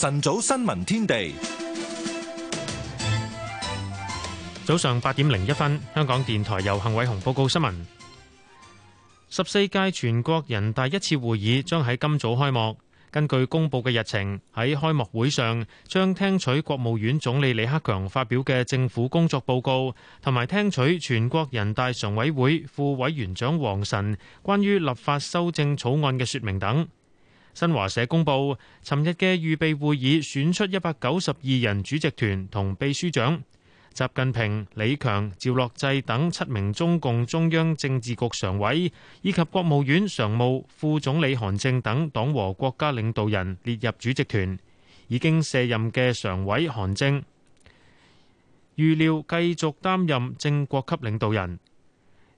晨早新聞天地，早上八點零一分，香港電台由幸偉雄報告新聞。十四屆全國人大一次會議將喺今早開幕。根據公布嘅日程，喺開幕會上將聽取國務院總理李克強發表嘅政府工作報告，同埋聽取全國人大常委會副委員長王晨關於立法修正草案嘅說明等。新華社公佈，尋日嘅預備會議選出一百九十二人主席團同秘書長。習近平、李強、趙樂際等七名中共中央政治局常委，以及國務院常務副總理韓正等黨和國家領導人列入主席團。已經卸任嘅常委韓正預料繼續擔任正國級領導人。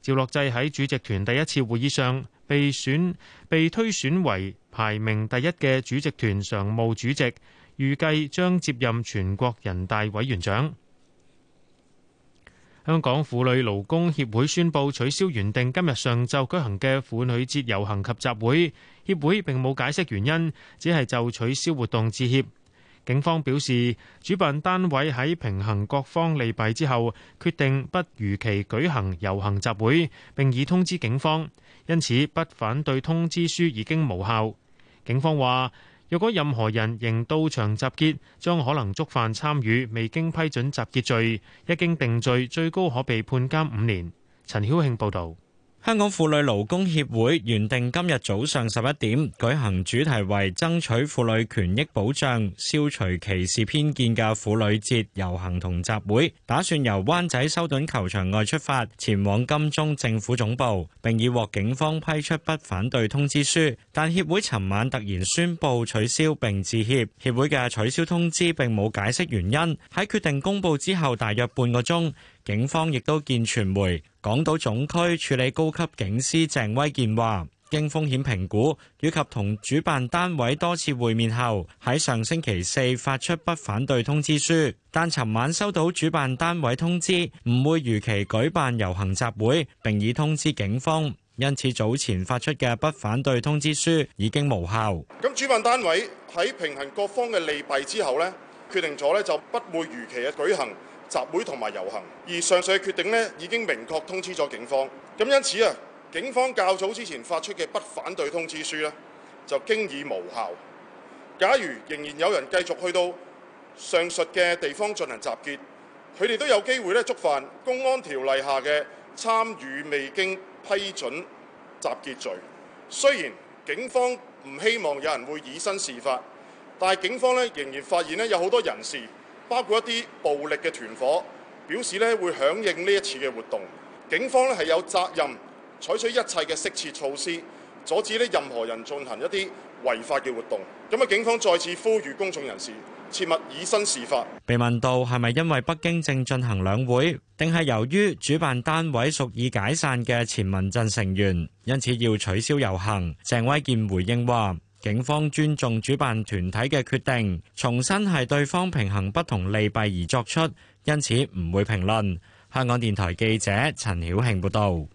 趙樂際喺主席團第一次會議上，被選被推選為排名第一嘅主席團常務主席，預計將接任全國人大委員長。香港婦女勞工協會宣布取消原定今日上晝舉行嘅婦女節遊行及集會，協會並冇解釋原因，只係就取消活動致歉。警方表示，主辦單位喺平衡各方利弊之後，決定不如期舉行遊行集會，並已通知警方。因此，不反對通知書已經無效。警方話，若果任何人仍到場集結，將可能觸犯參與未經批准集結罪，一經定罪，最高可被判監五年。陳曉慶報導。香港婦女勞工協會原定今日早上十一點舉行主題為爭取婦女權益保障、消除歧視偏見嘅婦女節遊行同集會，打算由灣仔修頓球場外出發，前往金鐘政府總部。並已獲警方批出不反對通知書，但協會尋晚突然宣布取消並致歉。協會嘅取消通知並冇解釋原因。喺決定公佈之後，大約半個鐘。警方亦都見傳媒，港島總區處理高級警司鄭威健話，經風險評估以及同主辦單位多次會面後，喺上星期四發出不反對通知書，但尋晚收到主辦單位通知唔會如期舉辦遊行集會，並已通知警方，因此早前發出嘅不反對通知書已經無效。咁主辦單位喺平衡各方嘅利弊之後呢決定咗呢，就不會如期嘅舉行。集會同埋遊行，而上述嘅決定呢已經明確通知咗警方。咁因此啊，警方較早之前發出嘅不反對通知書呢，就經已無效。假如仍然有人繼續去到上述嘅地方進行集結，佢哋都有機會咧觸犯公安條例下嘅參與未經批准集結罪。雖然警方唔希望有人會以身試法，但係警方呢仍然發現呢有好多人士。包括一啲暴力嘅團伙，表示咧會響應呢一次嘅活動，警方咧係有責任採取，取一切嘅適切措施，阻止咧任何人進行一啲違法嘅活動，咁啊，警方再次呼籲公眾人士切勿以身試法。被問到係咪因為北京正進行兩會定係由於主辦單位屬已解散嘅前民陣成員因此要取消遊行？鄭威健回應話。警方尊重主辦團體嘅決定，重新係對方平衡不同利弊而作出，因此唔會評論。香港電台記者陳曉慶報道。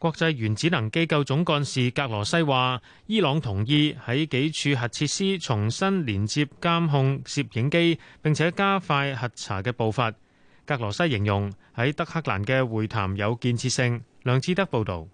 國際原子能機構總幹事格羅西話，伊朗同意喺幾處核設施重新連接監控攝影機，並且加快核查嘅步伐。格羅西形容喺德黑蘭嘅會談有建設性。梁志德報道。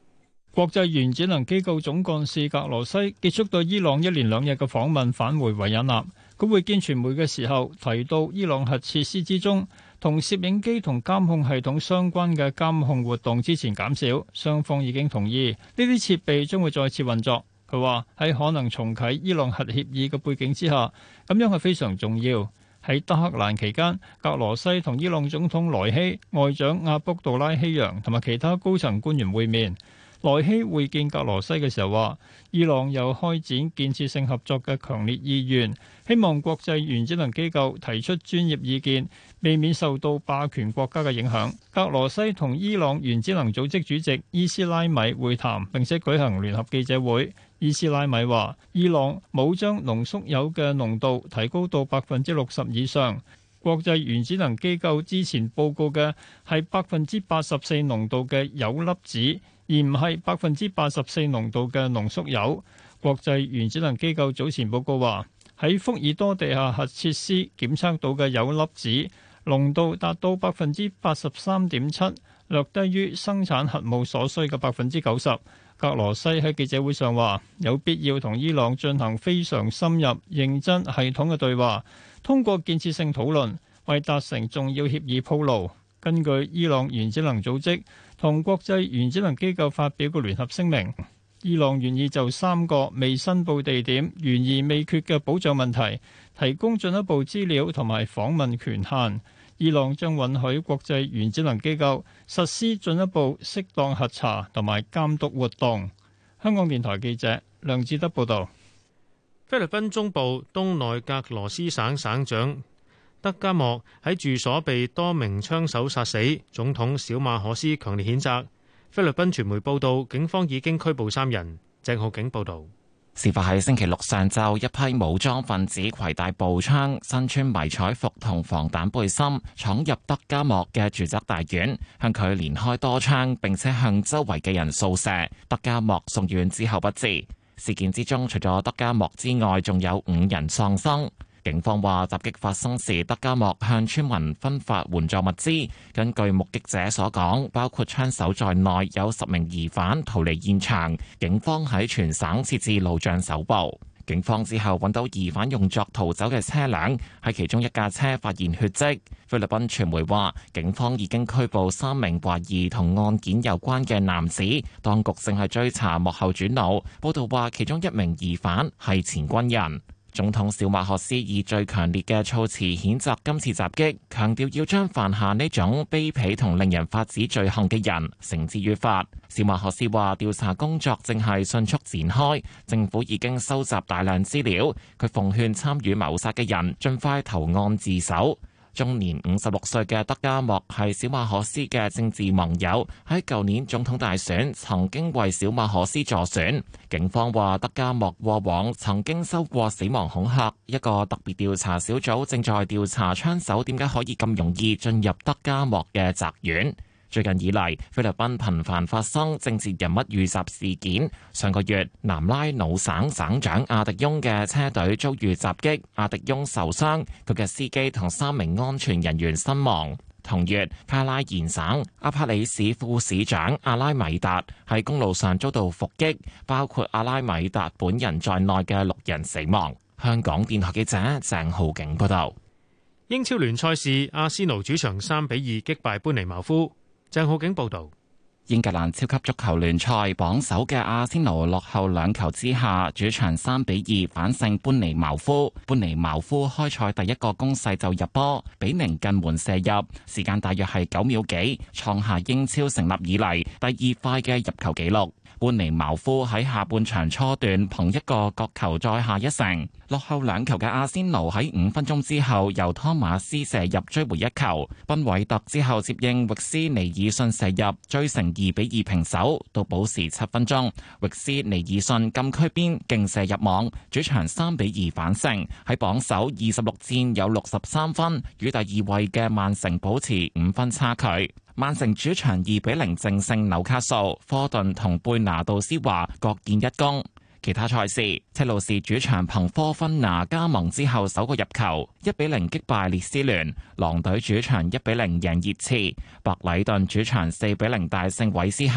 國際原子能機構總幹事格羅西結束對伊朗一連兩日嘅訪問，返回維也納。佢會見傳媒嘅時候提到伊朗核設施之中同攝影機同監控系統相關嘅監控活動之前減少。雙方已經同意呢啲設備將會再次運作。佢話喺可能重啟伊朗核協議嘅背景之下，咁樣係非常重要。喺德黑蘭期間，格羅西同伊朗總統萊希、外長阿卜杜拉希揚同埋其他高層官員會面。萊希會見格羅西嘅時候話，伊朗有開展建設性合作嘅強烈意願，希望國際原子能機構提出專業意見，避免受到霸權國家嘅影響。格羅西同伊朗原子能組織主席，主席伊斯拉米會談，並且舉行聯合記者會。伊斯拉米話，伊朗冇將濃縮鈾嘅濃度提高到百分之六十以上。國際原子能機構之前報告嘅係百分之八十四濃度嘅鈾粒子。而唔係百分之八十四濃度嘅濃縮鈾。國際原子能機構早前報告話，喺福爾多地下核設施檢測到嘅鈾粒子濃度達到百分之八十三點七，略低於生產核武所需嘅百分之九十。格羅西喺記者會上話，有必要同伊朗進行非常深入、認真、系統嘅對話，通過建設性討論為達成重要協議鋪路。根據伊朗原子能組織同國際原子能機構發表嘅聯合聲明，伊朗願意就三個未申報地點、懸而未決嘅保障問題提供進一步資料同埋訪問權限。伊朗將允許國際原子能機構實施進一步適當核查同埋監督活動。香港電台記者梁志德報道：菲律賓中部東內格羅斯省，省省長德加莫喺住所被多名槍手殺死，總統小馬可斯強烈譴責。菲律賓傳媒報道，警方已經拘捕三人。鄭浩景報道，事發喺星期六上晝，一批武裝分子携帶步槍、身穿迷彩服同防彈背心，闖入德加莫嘅住宅大院，向佢連開多槍，並且向周圍嘅人掃射。德加莫送院之後不治。事件之中，除咗德加莫之外，仲有五人喪生。警方話，襲擊發生時，德加莫向村民分發援助物資。根據目擊者所講，包括槍手在內有十名疑犯逃離現場。警方喺全省設置路障搜捕。警方之後揾到疑犯用作逃走嘅車輛，喺其中一架車發現血跡。菲律賓傳媒話，警方已經拘捕三名懷疑同案件有關嘅男子。當局正係追查幕後主腦。報道話，其中一名疑犯係前軍人。總統小馬可斯以最強烈嘅措辭譴責今次襲擊，強調要將犯下呢種卑鄙同令人髮指罪行嘅人繩之於法。小馬可斯話：調查工作正係迅速展開，政府已經收集大量資料。佢奉勸參與謀殺嘅人盡快投案自首。中年五十六歲嘅德加莫係小馬可斯嘅政治盟友，喺舊年總統大選曾經為小馬可斯助選。警方話德加莫過往曾經收過死亡恐嚇，一個特別調查小組正在調查槍手點解可以咁容易進入德加莫嘅宅院。最近以嚟，菲律賓頻繁發生政治人物遇襲事件。上個月，南拉魯省，省省長阿迪翁嘅車隊遭遇襲擊，阿迪翁受傷，佢嘅司機同三名安全人員身亡。同月，卡拉延省阿帕里市副市長阿拉米達喺公路上遭到伏擊，包括阿拉米達本人在內嘅六人死亡。香港電台記者鄭浩景報道。英超聯賽是阿仙奴主場三比二擊敗班尼茅夫。鄭浩景報道：英格蘭超級足球聯賽榜首嘅阿仙奴落後兩球之下，主場三比二反勝班尼茅夫。班尼茅夫開賽第一個攻勢就入波，比寧近門射入，時間大約係九秒幾，創下英超成立以嚟，第二快嘅入球紀錄。本尼茅夫喺下半場初段憑一個角球再下一城，落後兩球嘅阿仙奴喺五分鐘之後由湯馬斯射入追回一球。賓韋特之後接應域斯尼爾遜射入追成二比二平手，到補時七分鐘，域斯尼爾遜禁區邊勁射入網，主場三比二反勝。喺榜首二十六戰有六十三分，與第二位嘅曼城保持五分差距。曼城主場二比零淨勝紐卡素，科頓同貝拿度斯華各建一功。其他賽事，車路士主場憑科芬拿加盟之後首個入球，一比零擊敗列斯聯；狼隊主場一比零贏熱刺；白禮頓主場四比零大勝韋斯咸；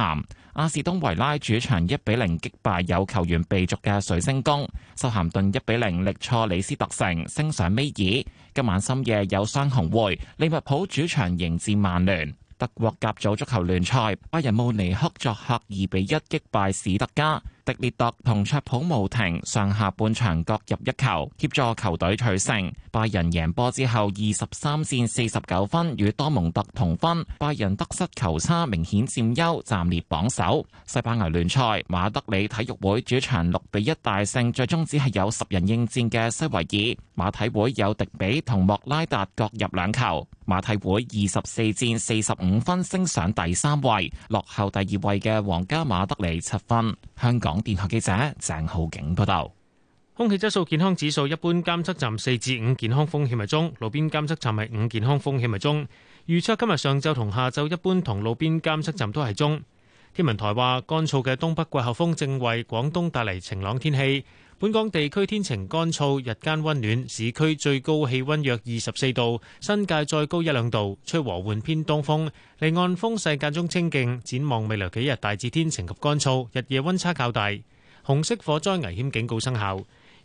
阿士東維拉主場一比零擊敗有球員被逐嘅水晶宮；修咸頓一比零力挫里斯特城，升上尾二。今晚深夜有雙紅會，利物浦主場迎戰曼聯。德國甲組足球聯賽，拜仁慕尼黑作客二比一擊敗史特加。迪列特同卓普莫廷上下半場各入一球，協助球隊取勝。拜仁贏波之後二十三戰四十九分，與多蒙特同分。拜仁得失球差明顯佔優，暫列榜首。西班牙聯賽，馬德里體育會主場六比一大勝，最終只係有十人應戰嘅西維爾。馬體會有迪比同莫拉達各入兩球。馬體會二十四戰四十五分，升上第三位，落後第二位嘅皇家馬德里七分。香港。港電台記者鄭浩景報道：空氣質素健康指數一般監測站四至五健康風險係中，路邊監測站係五健康風險係中。預測今日上晝同下晝一般同路邊監測站都係中。天文台話，乾燥嘅東北季候風正為廣東帶嚟晴朗天氣。本港地區天晴乾燥，日間溫暖，市區最高氣温約二十四度，新界再高一兩度，吹和緩偏東風，離岸風勢間中清勁。展望未來幾日，大致天晴及乾燥，日夜温差較大。紅色火災危險警告生效。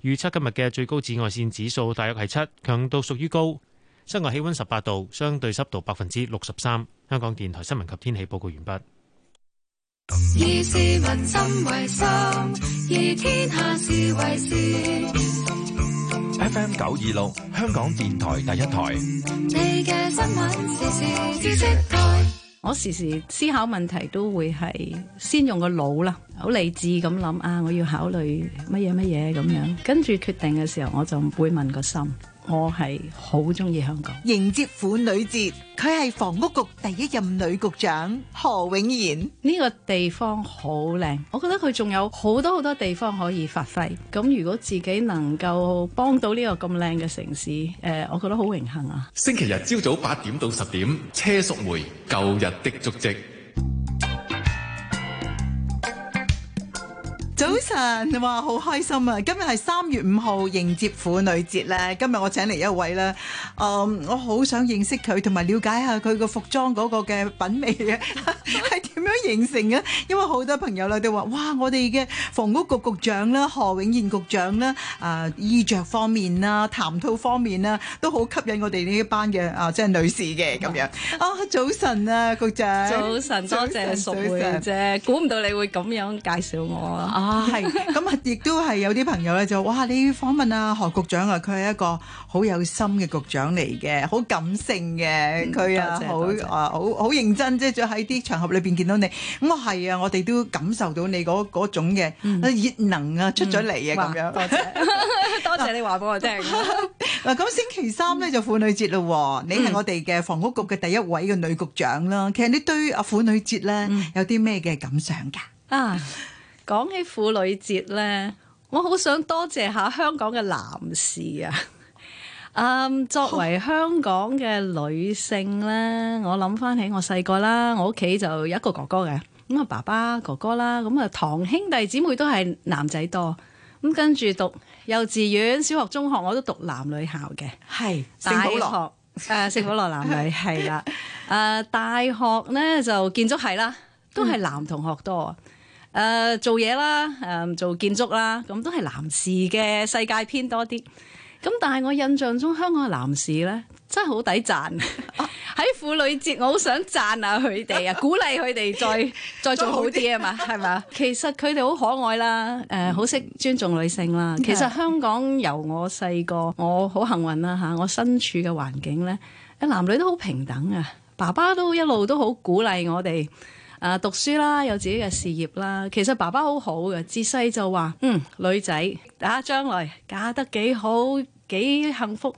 預測今日嘅最高紫外線指數大約係七，強度屬於高。室外氣温十八度，相對濕度百分之六十三。香港電台新聞及天氣報告完畢。以市民心為心，以天下事為事。FM 九二六，香港電台第一台。你嘅新聞時事知識台。我時時思考問題都會係先用個腦啦，好理智咁諗啊，我要考慮乜嘢乜嘢咁樣，跟住決定嘅時候，我就會問個心。我係好中意香港。迎接婦女節，佢係房屋局第一任女局長何永賢。呢個地方好靚，我覺得佢仲有好多好多地方可以發揮。咁如果自己能夠幫到呢個咁靚嘅城市，誒，我覺得好榮幸啊。星期日朝早八點到十點，車淑梅舊日的足跡。早晨，哇，好開心啊！今日係三月五號，迎接婦女節咧。今日我請嚟一位咧，嗯，我好想認識佢，同埋了解下佢個服裝嗰個嘅品味嘅，係點樣形成嘅？因為好多朋友啦，都話哇，我哋嘅房屋局局長啦，何永賢局長啦，誒，衣着方面啦，談吐方面啦，都好吸引我哋呢一班嘅啊，即係女士嘅咁樣。啊，早晨啊，局長，早晨，多謝淑慧，啫，估唔到你會咁樣介紹我啊。係咁啊！亦都係有啲朋友咧就，哇，你訪問阿何局長啊，佢係一個好有心嘅局長嚟嘅，好感性嘅佢啊，好啊，好好認真即係在喺啲場合裏邊見到你咁啊，係啊，我哋都感受到你嗰嗰種嘅熱能啊出咗嚟啊咁樣。多謝多謝你話俾我聽嗱。咁星期三咧就婦女節咯，你係我哋嘅房屋局嘅第一位嘅女局長啦。其實你對啊婦女節咧有啲咩嘅感想噶啊？講起婦女節咧，我好想多謝下香港嘅男士啊！嗯，作為香港嘅女性咧，我諗翻起我細個啦，我屋企就有一個哥哥嘅，咁啊爸爸哥哥啦，咁啊堂兄弟姊妹都係男仔多，咁跟住讀幼稚園、小學、中學我都讀男女校嘅，係聖是學保羅，誒聖、呃、保羅男女係啦，誒、 呃、大學咧就建築系啦，都係男同學多。嗯誒，做嘢啦，誒，做建築啦，咁都係男士嘅世界偏多啲。咁但係我印象中香港嘅男士呢，真係好抵讚。喺婦女節，我好想讚下佢哋啊，鼓勵佢哋再再做好啲啊嘛，係嘛？其實佢哋好可愛啦，誒，好識尊重女性啦。其實香港由我細個，我好幸運啦吓，我身處嘅環境呢，啲男女都好平等啊。爸爸都一路都好鼓勵我哋。啊！讀書啦，有自己嘅事業啦。其實爸爸好好嘅，自細就話：嗯，女仔，大家將來嫁得幾好幾幸福，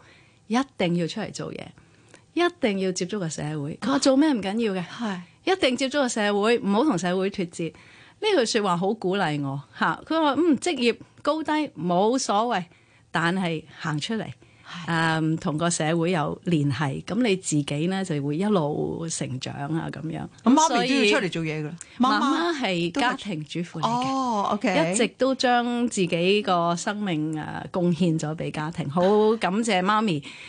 一定要出嚟做嘢，一定要接觸個社會。佢話做咩唔緊要嘅，係唉一定接觸個社會，唔好同社會脱節。呢句説話好鼓勵我嚇。佢話：嗯，職業高低冇所謂，但係行出嚟。誒，同個、um，社會有聯繫，咁你自己咧就會一路成長啊，咁樣。咁媽咪都要出嚟做嘢噶，媽媽係家庭主婦嚟嘅，哦 okay，一直都將自己個生命誒貢獻咗俾家庭，好感謝媽咪。